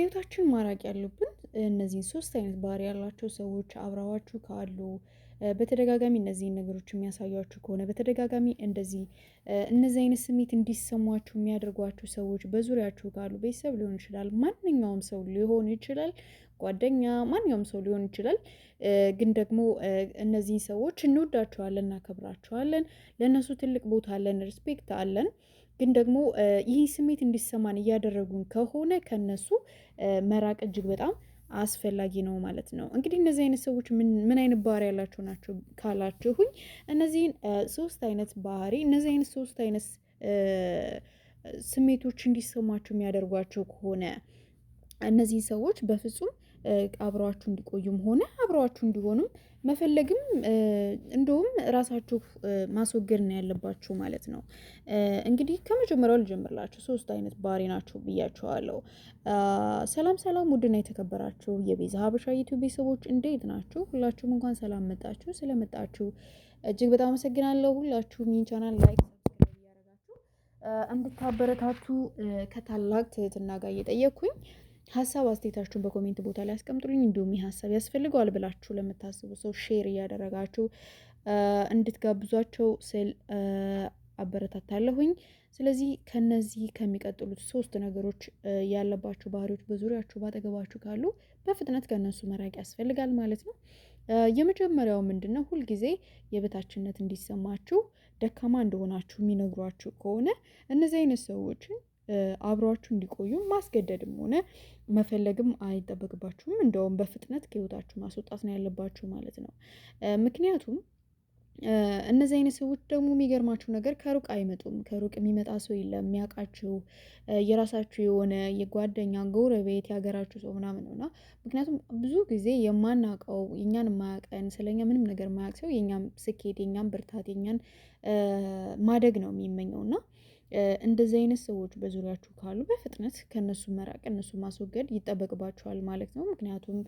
ከህይወታችን ማራቅ ያሉብን እነዚህን ሶስት አይነት ባህሪ ያላቸው ሰዎች አብረዋችሁ ካሉ በተደጋጋሚ እነዚህን ነገሮች የሚያሳያችሁ ከሆነ በተደጋጋሚ እንደዚህ እነዚህ አይነት ስሜት እንዲሰሟችሁ የሚያደርጓችሁ ሰዎች በዙሪያችሁ ካሉ ቤተሰብ ሊሆን ይችላል፣ ማንኛውም ሰው ሊሆን ይችላል፣ ጓደኛ፣ ማንኛውም ሰው ሊሆን ይችላል። ግን ደግሞ እነዚህን ሰዎች እንወዳቸዋለን፣ እናከብራቸዋለን፣ ለእነሱ ትልቅ ቦታ አለን፣ ሪስፔክት አለን። ግን ደግሞ ይህ ስሜት እንዲሰማን እያደረጉን ከሆነ ከነሱ መራቅ እጅግ በጣም አስፈላጊ ነው ማለት ነው። እንግዲህ እነዚህ አይነት ሰዎች ምን አይነት ባህሪ ያላቸው ናቸው ካላችሁኝ፣ እነዚህን ሶስት አይነት ባህሪ እነዚህ አይነት ሶስት አይነት ስሜቶች እንዲሰማችሁ የሚያደርጓቸው ከሆነ እነዚህ ሰዎች በፍጹም አብረዋችሁ እንዲቆዩም ሆነ አብረዋችሁ እንዲሆኑም መፈለግም እንደውም ራሳችሁ ማስወገድ ነው ያለባችሁ ማለት ነው። እንግዲህ ከመጀመሪያው ልጀምርላችሁ። ሶስት አይነት ባህሪ ናችሁ ብያችኋለሁ። ሰላም ሰላም፣ ውድና የተከበራችሁ የቤዛ ሀበሻ ዩቲዩብ ቤተሰቦች እንዴት ናችሁ? ሁላችሁም እንኳን ሰላም መጣችሁ። ስለመጣችሁ እጅግ በጣም አመሰግናለሁ። ሁላችሁም ይህን ቻናል ላይክ እንድታበረታቱ ከታላቅ ትህትና ጋር እየጠየቅኩኝ ሀሳብ አስተያየታችሁን በኮሜንት ቦታ ላይ አስቀምጡልኝ። እንዲሁም ይህ ሀሳብ ያስፈልገዋል ብላችሁ ለምታስቡ ሰው ሼር እያደረጋችሁ እንድትጋብዟቸው ስል አበረታታለሁኝ። ስለዚህ ከነዚህ ከሚቀጥሉት ሶስት ነገሮች ያለባችሁ ባህሪዎች በዙሪያችሁ ባጠገባችሁ ካሉ በፍጥነት ከእነሱ መራቅ ያስፈልጋል ማለት ነው። የመጀመሪያው ምንድን ነው? ሁልጊዜ የበታችነት እንዲሰማችሁ ደካማ እንደሆናችሁ የሚነግሯችሁ ከሆነ እነዚህ አይነት ሰዎችን አብሯችሁ እንዲቆዩ ማስገደድም ሆነ መፈለግም አይጠበቅባችሁም። እንደውም በፍጥነት ከህይወታችሁ ማስወጣት ነው ያለባችሁ ማለት ነው። ምክንያቱም እነዚህ አይነት ሰዎች ደግሞ የሚገርማችሁ ነገር ከሩቅ አይመጡም። ከሩቅ የሚመጣ ሰው የለም የሚያውቃችሁ የራሳችሁ የሆነ የጓደኛ ጎረቤት፣ የሀገራችሁ ሰው ምናምን ነውና ምክንያቱም ብዙ ጊዜ የማናውቀው የእኛን የማያውቀን ስለኛ ምንም ነገር የማያውቅ ሰው የእኛም ስኬት፣ የእኛም ብርታት፣ የእኛን ማደግ ነው የሚመኘውና። እንደዚህ አይነት ሰዎች በዙሪያችሁ ካሉ በፍጥነት ከእነሱ መራቅ እነሱ ማስወገድ ይጠበቅባችኋል ማለት ነው። ምክንያቱም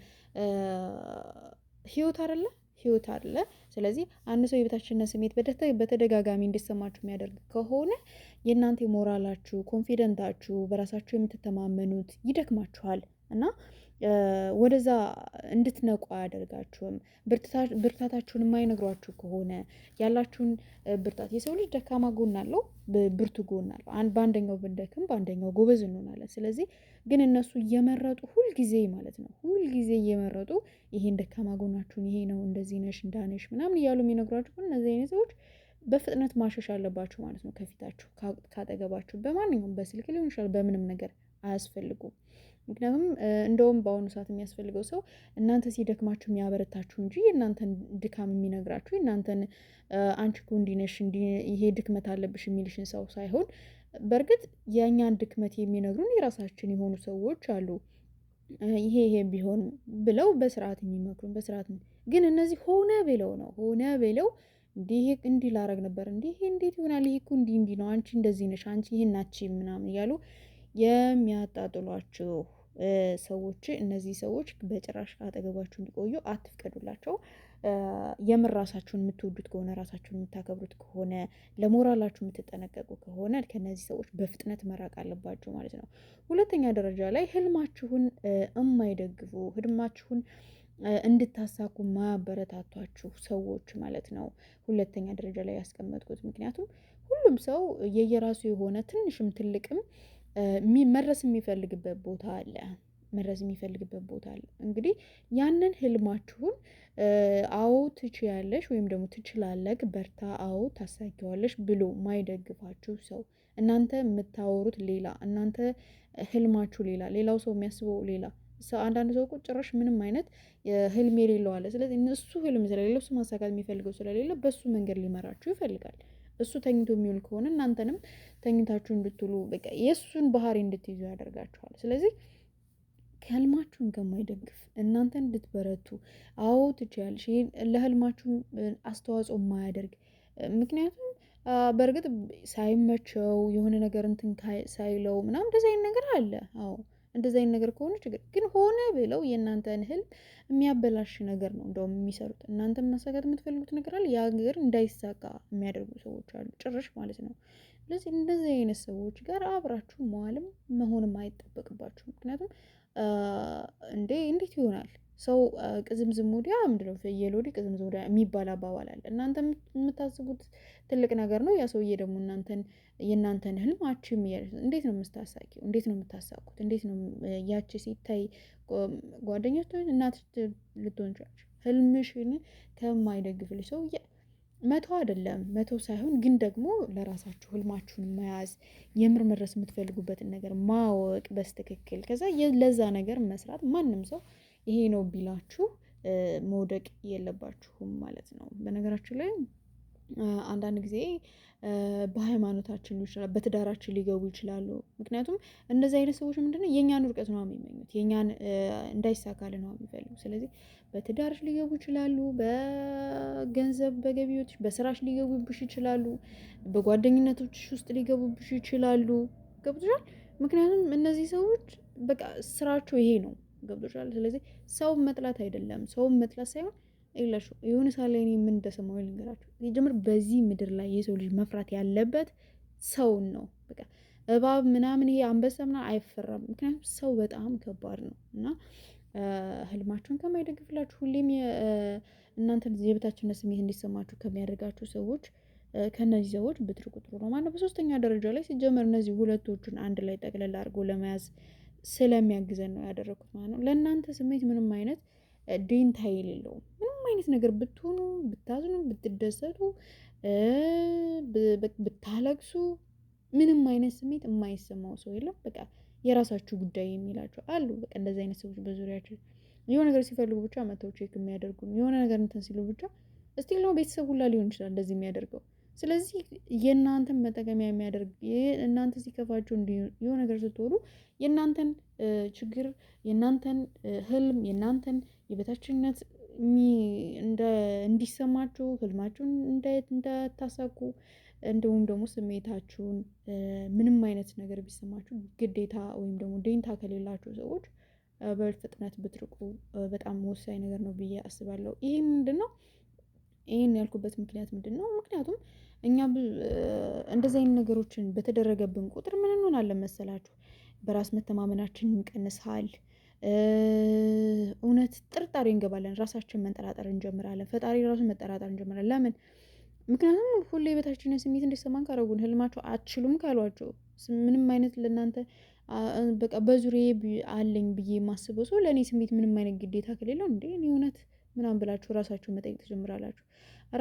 ህይወት አይደለ ህይወት አለ። ስለዚህ አንድ ሰው የበታችነት ስሜት በተደጋጋሚ እንዲሰማችሁ የሚያደርግ ከሆነ የእናንተ ሞራላችሁ፣ ኮንፊደንታችሁ፣ በራሳችሁ የምትተማመኑት ይደክማችኋል። እና ወደዛ እንድትነቁ አያደርጋችሁም። ብርታታችሁን የማይነግሯችሁ ከሆነ ያላችሁን ብርታት የሰው ልጅ ደካማ ጎን አለው ብርቱ ጎን አለው። በአንደኛው ብንደክም በአንደኛው ጎበዝ እንሆናለን። ስለዚህ ግን እነሱ እየመረጡ ሁልጊዜ ማለት ነው ሁልጊዜ እየመረጡ ይሄን ደካማ ጎናችሁን ይሄ ነው እንደዚህ ነሽ እንዳነሽ ምናምን እያሉ የሚነግሯችሁ ከሆነ እነዚህ አይነት ሰዎች በፍጥነት ማሸሽ አለባችሁ ማለት ነው። ከፊታችሁ ካጠገባችሁ በማንኛውም በስልክ ሊሆን ይችላል በምንም ነገር አያስፈልጉም። ምክንያቱም እንደውም በአሁኑ ሰዓት የሚያስፈልገው ሰው እናንተ ሲደክማችሁ የሚያበረታችሁ እንጂ የእናንተን ድካም የሚነግራችሁ የእናንተን አንቺ እኮ እንዲህ ነሽ ይሄ ድክመት አለብሽ የሚልሽን ሰው ሳይሆን በእርግጥ የእኛን ድክመት የሚነግሩን የራሳችን የሆኑ ሰዎች አሉ። ይሄ ይሄ ቢሆን ብለው በስርዓት የሚመክሩን በስርዓት ግን እነዚህ ሆነ ብለው ነው ሆነ ብለው እንዲህ እንዲህ ላረግ ነበር እንዲህ እንዴት ይሆናል ይሄ እኮ እንዲህ እንዲህ ነው አንቺ እንደዚህ ነሽ አንቺ ይህን ናቺ ምናምን እያሉ የሚያጣጥሏችሁ ሰዎች እነዚህ ሰዎች በጭራሽ አጠገባችሁ እንዲቆዩ አትፍቀዱላቸው። የምር ራሳችሁን የምትወዱት ከሆነ ራሳችሁን የምታከብሩት ከሆነ ለሞራላችሁ የምትጠነቀቁ ከሆነ ከነዚህ ሰዎች በፍጥነት መራቅ አለባችሁ ማለት ነው። ሁለተኛ ደረጃ ላይ ህልማችሁን የማይደግፉ ህልማችሁን እንድታሳኩ ማበረታቷችሁ ሰዎች ማለት ነው። ሁለተኛ ደረጃ ላይ ያስቀመጥኩት ምክንያቱም ሁሉም ሰው የየራሱ የሆነ ትንሽም ትልቅም መድረስ የሚፈልግበት ቦታ አለ መድረስ የሚፈልግበት ቦታ አለ። እንግዲህ ያንን ህልማችሁን አዎ ትችያለሽ ወይም ደግሞ ትችላለግ በርታ፣ አዎ ታሳኪዋለሽ ብሎ ማይደግፋችሁ ሰው እናንተ የምታወሩት ሌላ፣ እናንተ ህልማችሁ ሌላ፣ ሌላው ሰው የሚያስበው ሌላ። አንዳንድ ሰው እኮ ጭራሽ ምንም አይነት ህልም የሌለው አለ። ስለዚህ እሱ ህልም ስለሌለው እሱ ማሳካት የሚፈልገው ስለሌለ በሱ መንገድ ሊመራችሁ ይፈልጋል። እሱ ተኝቶ የሚውል ከሆነ እናንተንም ተኝታችሁ እንድትሉ በቃ የእሱን ባህሪ እንድትይዙ ያደርጋችኋል። ስለዚህ ከህልማችሁን ከማይደግፍ እናንተ እንድትበረቱ አዎ ትችያለሽ፣ ይህ አስተዋጽኦ የማያደርግ ምክንያቱም በእርግጥ ሳይመቸው የሆነ ነገር እንትን ሳይለው ምናምን እንደዚህ አይነት ነገር አለ። አዎ እንደዚ አይነት ነገር ከሆነ ችግር ግን ሆነ ብለው የእናንተን እህል የሚያበላሽ ነገር ነው እንደውም የሚሰሩት። እናንተ ማሳካት የምትፈልጉት ነገር አለ፣ ያ ነገር እንዳይሳካ የሚያደርጉ ሰዎች አሉ፣ ጭራሽ ማለት ነው። ስለዚህ እንደዚህ አይነት ሰዎች ጋር አብራችሁ መዋልም መሆንም አይጠበቅባችሁ። ምክንያቱም እንዴ እንዴት ይሆናል ሰው ቅዝምዝም ወዲያ ምንድን ነው ፍየል ወዲህ ቅዝምዝም ወዲያ የሚባል አባባል አለ። እናንተ የምታስቡት ትልቅ ነገር ነው። ያ ሰውዬ ደግሞ እናንተን የእናንተን ህልም አቺ እንዴት ነው የምታሳኪው? እንዴት ነው የምታሳቁት? እንዴት ነው ያቺ ሲታይ ጓደኛችን እናት ልትሆን ቻለች። ህልምሽን ከማይደግፍልሽ ሰውዬ መቶ አይደለም መቶ ሳይሆን ግን ደግሞ ለራሳችሁ ህልማችሁን መያዝ የምር መድረስ የምትፈልጉበትን ነገር ማወቅ በስትክክል ከዛ ለዛ ነገር መስራት ማንም ሰው ይሄ ነው ቢላችሁ መውደቅ የለባችሁም ማለት ነው። በነገራችን ላይ አንዳንድ ጊዜ በሃይማኖታችን ሊሆን ይችላል፣ በትዳራችን ሊገቡ ይችላሉ። ምክንያቱም እንደዚህ አይነት ሰዎች ምንድነው የእኛን ውድቀት ነው የሚመኙት፣ የእኛን እንዳይሳካል ነው የሚፈልጉ። ስለዚህ በትዳርሽ ሊገቡ ይችላሉ፣ በገንዘብ በገቢዎች በስራሽ ሊገቡብሽ ይችላሉ፣ በጓደኝነቶች ውስጥ ሊገቡብሽ ይችላሉ። ገብቶሻል? ምክንያቱም እነዚህ ሰዎች በቃ ስራቸው ይሄ ነው። ገብቶሻል። ስለዚህ ሰው መጥላት አይደለም፣ ሰው መጥላት ሳይሆን ይላሹ የሆነ ሳለ እኔ ምን እንደሰማሁ ልንገራችሁ። ጀምር በዚህ ምድር ላይ የሰው ልጅ መፍራት ያለበት ሰውን ነው። በቃ እባብ ምናምን ይሄ አንበሳ ምናምን አይፈራም። ምክንያቱም ሰው በጣም ከባድ ነው እና ህልማችሁን ከማይደግፍላችሁ ሁሌም እናንተን የበታችነት ስሜት እንዲሰማችሁ ከሚያደርጋችሁ ሰዎች ከእነዚህ ሰዎች ብትርቁ ጥሩ ነው ማለት ነው። በሶስተኛ ደረጃ ላይ ሲጀመር እነዚህ ሁለቶቹን አንድ ላይ ጠቅለል አድርጎ ለመያዝ ስለሚያግዘን ነው ያደረኩት ማለት ነው። ለእናንተ ስሜት ምንም አይነት ዴንታ የሌለውም። ምንም አይነት ነገር ብትሆኑ፣ ብታዝኑ፣ ብትደሰቱ፣ ብታለቅሱ ምንም አይነት ስሜት የማይሰማው ሰው የለም። በቃ የራሳችሁ ጉዳይ የሚላቸው አሉ። በቃ እንደዚህ አይነት ሰዎች በዙሪያቸው የሆነ ነገር ሲፈልጉ ብቻ መተው ቼክ የሚያደርጉ የሆነ ነገር እንትን ሲሉ ብቻ እስቲል ነው ቤተሰብ ሁላ ሊሆን ይችላል እንደዚህ የሚያደርገው ስለዚህ የእናንተን መጠቀሚያ የሚያደርግ እናንተ ሲከፋችሁ እንዲሆ ነገር ስትሆኑ የእናንተን ችግር የእናንተን ህልም የእናንተን የበታችነት እንዲሰማችሁ ህልማችሁን እንዳታሳኩ እንዲሁም ደግሞ ስሜታችሁን ምንም አይነት ነገር ቢሰማችሁ ግዴታ ወይም ደግሞ ደኝታ ከሌላችሁ ሰዎች በፍጥነት ብትርቁ በጣም ወሳኝ ነገር ነው ብዬ አስባለሁ። ይሄ ምንድን ነው? ይሄን ያልኩበት ምክንያት ምንድን ነው? ምክንያቱም እኛ እንደዚህ አይነት ነገሮችን በተደረገብን ቁጥር ምን እንሆናለን መሰላችሁ? በራስ መተማመናችን ይቀንሳል። እውነት ጥርጣሬ እንገባለን። ራሳችን መንጠራጠር እንጀምራለን። ፈጣሪ ራሱ መጠራጠር እንጀምራለን። ለምን? ምክንያቱም ሁሌ የበታችንን ስሜት እንዲሰማን ካረጉን፣ ህልማቸው አትችሉም ካሏቸው፣ ምንም አይነት ለእናንተ በቃ በዙሪያ አለኝ ብዬ የማስበው ሰው ለእኔ ስሜት ምንም አይነት ግዴታ ከሌለው እንዴ እኔ እውነት ምናምን ብላችሁ ራሳችሁን መጠየቅ ትጀምራላችሁ።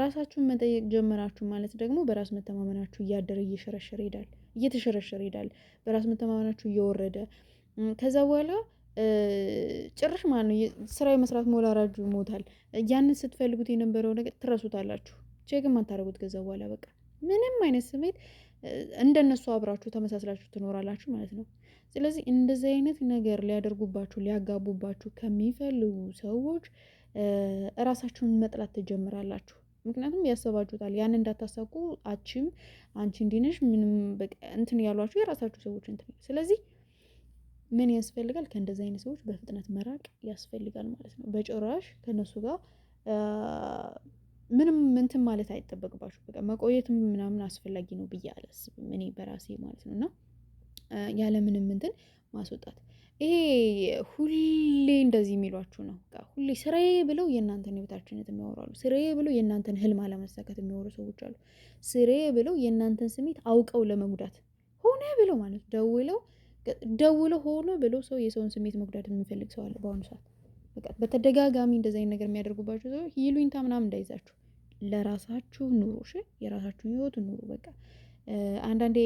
ራሳችሁን መጠየቅ ጀመራችሁ ማለት ደግሞ በራስ መተማመናችሁ እያደረ እየሸረሸረ ይሄዳል፣ እየተሸረሸረ ይሄዳል። በራስ መተማመናችሁ እየወረደ ከዛ በኋላ ጭርሽ ማለት ነው ስራ የመስራት ሞላራጁ ይሞታል። ያንን ስትፈልጉት የነበረው ነገር ትረሱታላችሁ። ቼግም አታደርጉት። ከዛ በኋላ በቃ ምንም አይነት ስሜት እንደነሱ አብራችሁ ተመሳስላችሁ ትኖራላችሁ ማለት ነው። ስለዚህ እንደዚህ አይነት ነገር ሊያደርጉባችሁ ሊያጋቡባችሁ ከሚፈልጉ ሰዎች እራሳችሁን መጥላት ትጀምራላችሁ። ምክንያቱም ያሰባችሁታል ያን እንዳታሳኩ አቺም አንቺ እንዲነሽ ምንም እንትን ያሏችሁ የራሳችሁ ሰዎች እንትን። ስለዚህ ምን ያስፈልጋል? ከእንደዚህ አይነት ሰዎች በፍጥነት መራቅ ያስፈልጋል ማለት ነው። በጭራሽ ከነሱ ጋር ምንም እንትን ማለት አይጠበቅባችሁ። በቃ መቆየትም ምናምን አስፈላጊ ነው ብዬ አላስብም እኔ በራሴ ማለት ነው እና ያለምንም እንትን ማስወጣት ይሄ ሁሌ እንደዚህ የሚሏችሁ ነው። ሁሌ ስራዬ ብለው የእናንተን የበታችነት የሚያወራሉ። ስራዬ ብለው የእናንተን ህልም አለመሳካት የሚወሩ ሰዎች አሉ። ስራዬ ብለው የእናንተን ስሜት አውቀው ለመጉዳት ሆነ ብለው ማለት ደውለው ደውለው ሆነ ብለው ሰው የሰውን ስሜት መጉዳት የሚፈልግ ሰው አለ በአሁኑ ሰዓት። በቃ በተደጋጋሚ እንደዚህ አይነት ነገር የሚያደርጉባቸው ሰዎች ይሉኝታ ምናምን እንዳይዛችሁ፣ ለራሳችሁ ኑሮ፣ የራሳችሁን ህይወት ኑሮ በቃ አንዳንዴ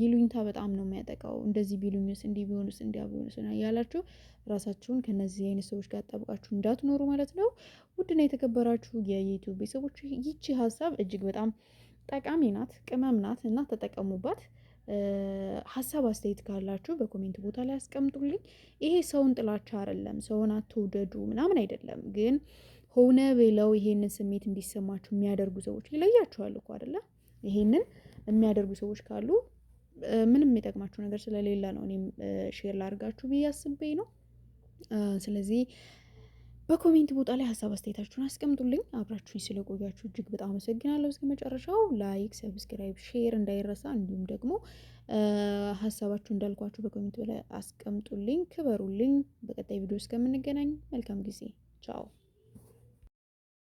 ይሉኝታ በጣም ነው የሚያጠቃው እንደዚህ ቢሉኝስ እንዲህ ቢሆንስ እንዲያ ቢሆንስ እያላችሁ ራሳችሁን ከነዚህ አይነት ሰዎች ጋር ጠብቃችሁ እንዳትኖሩ ማለት ነው። ውድና የተከበራችሁ የዩቱብ ቤተሰቦች ይቺ ሀሳብ እጅግ በጣም ጠቃሚ ናት፣ ቅመም ናት እና ተጠቀሙባት። ሀሳብ አስተያየት ካላችሁ በኮሜንት ቦታ ላይ አስቀምጡልኝ። ይሄ ሰውን ጥላቻ አይደለም፣ ሰውን አትውደዱ ምናምን አይደለም። ግን ሆነ ብለው ይሄንን ስሜት እንዲሰማችሁ የሚያደርጉ ሰዎች ይለያችኋል እኮ አይደለ? ይሄንን የሚያደርጉ ሰዎች ካሉ ምንም የሚጠቅማችሁ ነገር ስለሌለ ነው እኔም ሼር ላድርጋችሁ ብዬ አስቤ ነው። ስለዚህ በኮሜንት ቦታ ላይ ሀሳብ አስተያየታችሁን አስቀምጡልኝ። አብራችሁኝ ስለቆያችሁ እጅግ በጣም አመሰግናለሁ። እስከ መጨረሻው ላይክ፣ ሰብስክራይብ፣ ሼር እንዳይረሳ። እንዲሁም ደግሞ ሀሳባችሁ እንዳልኳችሁ በኮሜንት ላይ አስቀምጡልኝ። ክበሩልኝ። በቀጣይ ቪዲዮ እስከምንገናኝ መልካም ጊዜ። ቻው